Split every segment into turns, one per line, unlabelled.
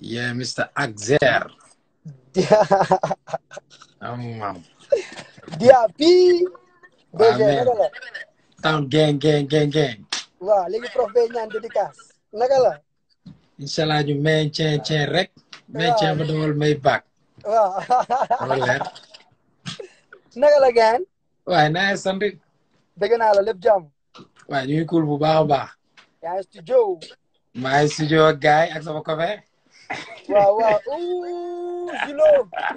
Yeah, Mr. Axer. Amam. Diaby. Amen. Town gang gang gang gang. waaw léegi prof bee ñaan dédicace naka la. incha allah ñu may rek. waaw may cee ma may baag. waaw. wala leer. la gaan. waaye naa sant. dégg naa la lépp jàmm. waaw ñu ngi bu baax a baax. yaa ngi studio. maa studio ak gars yi ak waaw waaw ouh Julo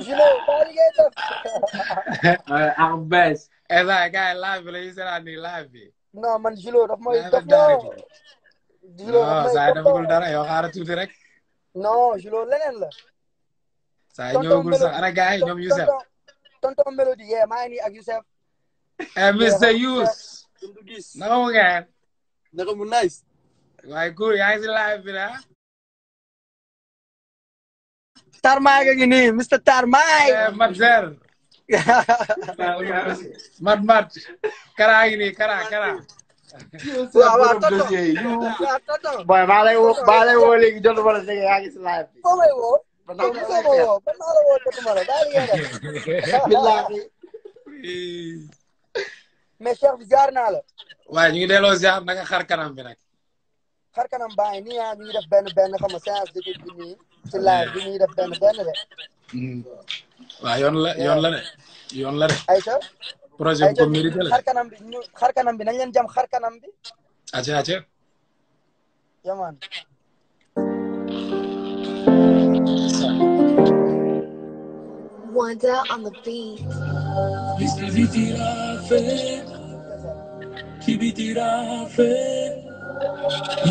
Julo baal ngay def. ak bees. live bi la ñuy seetaan nii live bi. non man Julo daf may daf dara yow xaaral tuuti rek. non Julo leneen saa yi ñëwagul sax ana gars yi ñoom Youssef. tonton Mélodie yee maa ngi nii ak Youssef. Eh, Mr Youss. naka mu ngeen. naka mu nice. waaye cool yaa ngi si live bi ah? Tarmai kan gini, Mr. Tarmai. Eh, Madzer. mad mad. Kara ini, kara kara. Boy, balai wo, balai wo Balai Mes chers ziar nalo. Waaye ñu ngi delloo ziar na nga xar kanam xar kanam baa ya, ngi nii ñu def ben ben xam nga séance d'étude bi nii ci la bi hmm. ñuy def ben ben de. wa hmm. yon la yon la ne yon la de. Aïcha projet ko mérité la xar kanam bi ñu xar kanam bi nañ leen jam xar kanam bi. ace ace. yaman Wanda on the beat. Biz bitirafet, ki bitirafet.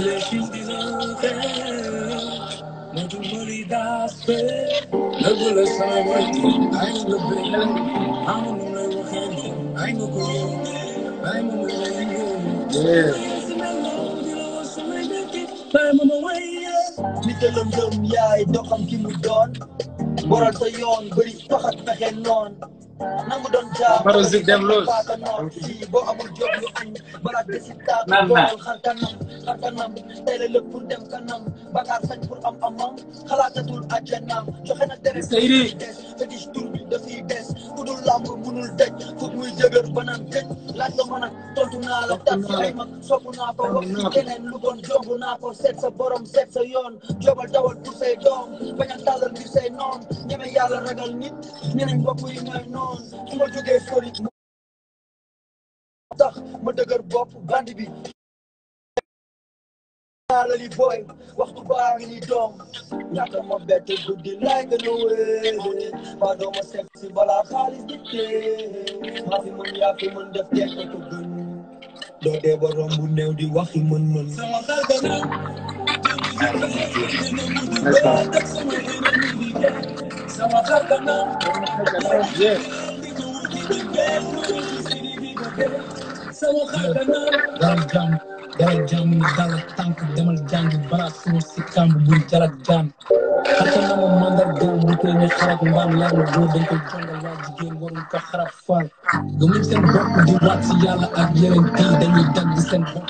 Leșiți din Mă duc mări de astfel Năbulă să mă mărti Ai mă bine Am un nume cu hemi Ai mă cu Ai mă mă Yeah. Nitalong yum yay, dokam kimugon Boral sa yon, balik pakat na kenon nangu doon jaam baro zik dem loos boo amul jot yu añ balaa desit taat bool xar kanam xar kanam tey la lépp pour dem kanam bakaar sañ pour am a xalaatatul àjjanaam joxe na deret sayri des fétiche tur bi dafiy des ku dul làmb munul dej foog muy jëgër banaan gëj laaj la mën a tontu naa la tànn ay mag naa ko wax keneen lu bon jomb naa ko seet sa borom seet sa yoon jobal dawal pour say doom bañ a tàllal ngir say noon yàlla ragal tax ma dëgër bopp band bi la waxtu baa ngi ni doom ñaata ma bett guddi laay nga ñëwee ma dooma seet si balaa xaalis di tee ma fi mën yaa fi mën def doo dee ba romb néew di waxi mën mën sama xel dal jàmm dal jàmm dal tànk demal jàngi baraat suma si kàmb buy jarak jaan xarta nama mandar gow bu koy ne xarak mbaam yar na góor dañ ko jongal waa jigéen waruñ ko xarab faal gëmuñ seen bopp di waat si yàlla ak yeneen tii dañuy dagg seen